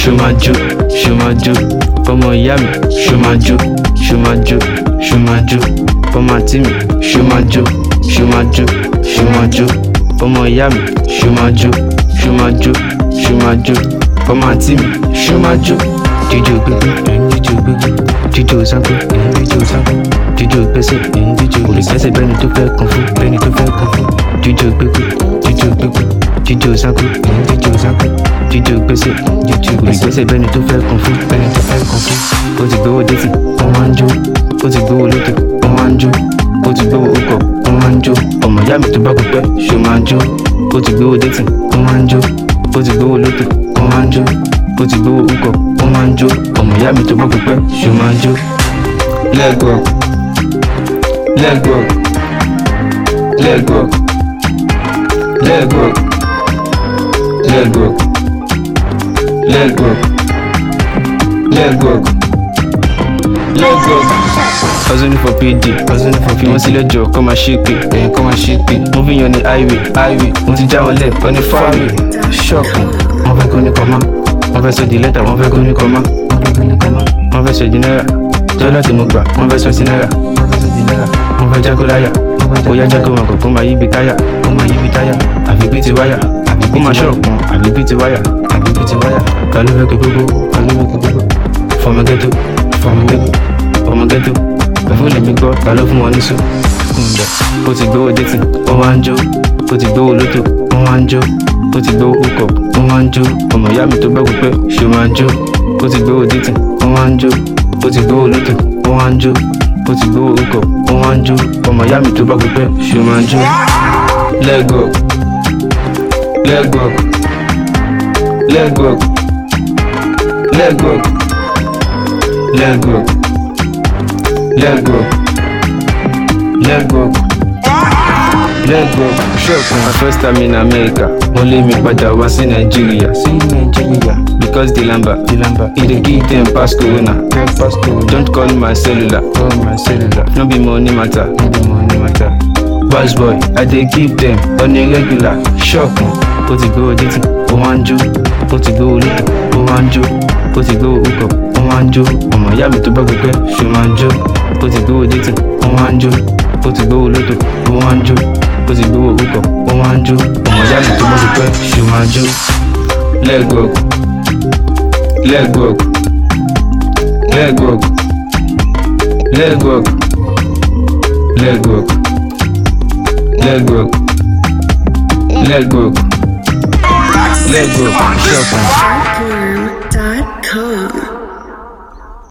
ṣòmájú ṣòmájú ọmọ ìyá mi ṣòmájú ṣòmájú ṣòmájú ọmọ àti mi ṣòmájú ṣòmájú ṣòmájú ọmọ ìyá mi ṣòmájú ṣòmájú ṣòmájú ọmọ àti mi ṣòmájú jíjó gbígbé jíjó gbígbé jíjó sápé jíjó sápé jíjó gbèsè jíjó kò lè gbèsè bẹ́ni tó fẹ́ kàn fún bẹ́ni tó fẹ́ kàn fún jíjó gbígbé jíjó gbígbé jíjó sákú jíjó sákú jíjó gbèsè jíjó gbèsè bẹ́ni tó fẹ́ kún fún bẹ́ni tó fẹ́ kún fún ó ti gbowó dẹ́tì wọ́n wá ń jó ó ti gbowó lókè wọ́n wá ń jó ó ti gbowó ọkọ̀ wọ́n wá ń jó ọmọ ìyá mi tó bá kú pẹ́ ṣó máa jó ó ti gbowó dẹ́tì wọ́n wá ń jó ó ti gbowó lókè wọ́n wá ń jó ó ti gbowó ọkọ̀ wọ́n wá ń jó ọmọ ìyá mi tó bá kú pẹ́ ṣó máa jó go. go. Lelburg Lelburg Lelburg Lelburg Hustling for PD, hustling for PD. Wọ́n sì lẹ́jọ́ kọ́ máa ṣe pé, ẹ̀yìn eh, kọ́ máa ṣe pé. Mo fi yan ní highway, highway. Mo ti jáwọ́ lẹ̀, ọ ní fáwé. Ṣọ́ọ̀kì, wọ́n fẹ́ kó ní kọ́má. Wọ́n fẹ́ sọ di lẹ́tà, wọ́n fẹ́ kó ní kọ́má. Wọ́n fẹ́ sọ di náírà. Dọ́là tí mo gbà, wọ́n fẹ́ sọ sí náírà. Wọ́n fẹ́ jákó láyà. Ó yá jákó wọn kò kó máa yí bi táyà. Kó máa yí bi táyà. Àfi gbé ti kó máa ṣọ́ àbí bíi ti wáyà àbí bíi ti wáyà ta gbogbo ta gbogbo fọmọgẹ́tò fọmọgẹ́tò fọmọgẹ́tò ẹ̀fọ́ lèmi gbọ́ ta ló fún wọn níṣó. ǹjẹ́ ó ti gbowó dẹ́tì wọ́n wá ń jó ó ti gbowó lótò wọ́n wá ń jó ó ti gbowó ọkọ̀ wọ́n wá ń jó ọmọ ìyá mi tó bẹ́ kú pé ṣe máa ń jó ó ti gbowó dẹ́tì wọ́n wá ń jó ó ti gbowó lótò wọ́n wá ń jó ó ti gbowó ọkọ̀ wọ́n wá ń jó ọmọ ìyá mi tó bẹ́ kú pé ṣe máa ń jó. lẹ́gọ̀ọ́ Let let let go, go, go, let go, let go, let go, Shock My first time in America Only me but I was in Nigeria See Nigeria Because the lamba The lamba It give them pass corona pass corona Don't call my cellular Call my cellular No be money matter No be money matter Boss boy I dey give them on a regular Shock ó ti gbówó létí ó wá ń jó ó ti gbówó létí ó wá ń jó ó ti gbówó ọkọ̀ ó wá ń jó ọmọ ìyá mi tó bá gbẹgbẹ ṣe máa ń jó ó ti gbówó létí ó wá ń jó ó ti gbówó lótò ó wá ń jó ó ti gbówó ọkọ̀ ó wá ń jó ọmọ ìyá mi tó bá gbẹgbẹ ṣe máa ń jó lẹ́gbọ̀ọ́kù lẹ́gbọ̀ọ́kù lẹ́gbọ̀ọ́kù lẹ́gbọ̀ọ́kù legwork legwork legwork Lego, Joker.